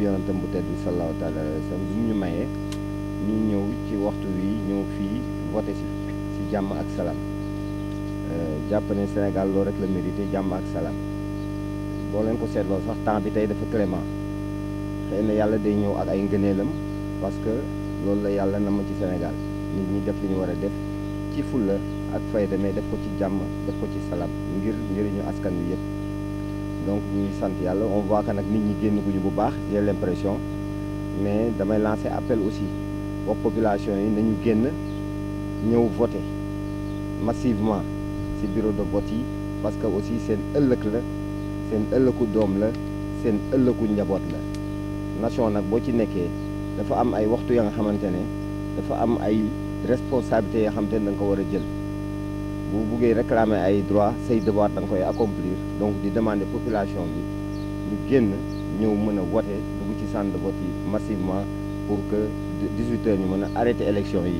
ci yonentam bu tedd bi sallallahu taala alayhi wa sallam bi mu ñu mayee ñu ñëw ci waxtu wi ñëw fii vote si si jàmm ak salaam euh, jàpp ne Sénégal loolu rek la mérité jàmm ak salaam boo leen ko seetloo sax temps bi tey dafa clément xëy na yàlla day ñëw ak ay ngëneelam parce que loolu la yàlla na ma ci Sénégal nit ñi def li ñu war a def ci fulla ak fayda mais def ko ci jàmm def ko ci salaam ngir njëriñu askan wi yëpp donc ñu ngi sant yàlla on voit que nag nit ñi génn guñu bu baax j'ai l'impression mais damay lancer appel aussi wax population yi nañu génn ñëw voter massivement ci bureau de vote yi parce que aussi seen ëllëg la seen ëllëgu doom la seen ëllëgu njaboot la nation nag boo ci nekkee dafa am ay waxtu ya nga xamante ne dafa am ay responsabilités yoo xamante ne da nga ko war a jël bu buggee réclamer ay droit say devoir da nga koy accomplir donc di demander population bi ñu génn ñëw mën a wote dugg ci centre de vote yi massivement pour que 18 heures ñu mën a arrêter élection yi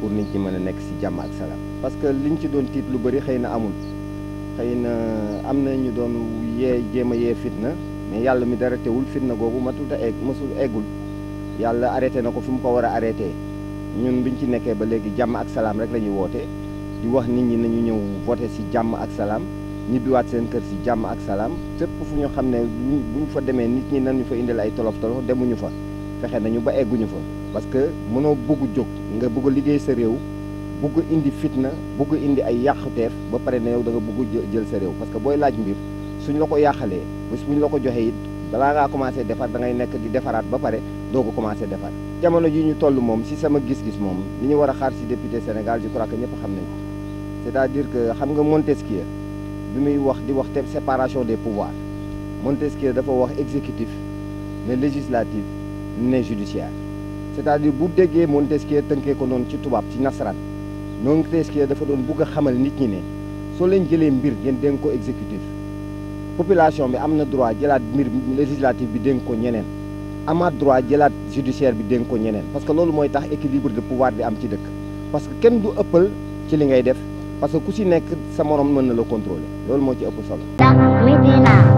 pour nit ñi mën a nekk si jàmm ak salaam. parce que ñu ci doon tiit lu bëri xëy na amul xëy na am na ñu doon yee jéem a yee fitna mais yàlla mi dara teewul fitna googu matul a egg masul eggul yàlla arrêté na ko fu mu ko war a arrêté ñun biñ ci nekkee ba léegi jàmm ak salaam rek la ñuy woote. di wax nit ñi nañu ñëw voter si jàmm ak salaam ñibbiwaat seen kër si jàmm ak salaam fépp fu ñu xam ne buñ fa demee nit ñi nañu fa indil ay tolof tolof demuñu fa fexe nañu ba egguñu fa parce que mënoo bugg jóg nga bugg liggéey sa réew bugg indi fitna bugg indi ay yàquteef ba pare ne yow da nga bugg jël sa réew parce que booy laaj mbir suñ la ko yàqalee bés buñ la ko joxee it balaa ngaa commencé defar da ngay nekk di defaraat ba pare doo ko commencé defar jamono ji ñu toll moom si sama gis-gis moom li ñu war a xaar si député Sénégal je crois que ñëpp xam nañ ko c'est-à-dire que xam nga Montesquieu bi muy wax di wax te séparation des pouvoirs Montesquieu dafa wax exécutif ne législatif ne judiciaire c'est-à-dire bu déggee Montesquieu tënkee ko noonu ci tubaab ci nasaraan Montesquieu dafa doon bugg a xamal nit ñi ne soo leen jëlee mbir ngeen dénk ko exécutif population bi am na droit jëlaat mbir législatif bi dénk ko ñeneen amaat droit jëlaat judiciaire bi dénk ko ñeneen parce que loolu mooy tax équilibre de pouvoir bi am ci dëkk parce que kenn du ëppal ci li ngay def parce que ku si nekk sa morom mën na la contrôler loolu moo ci ëpp solo.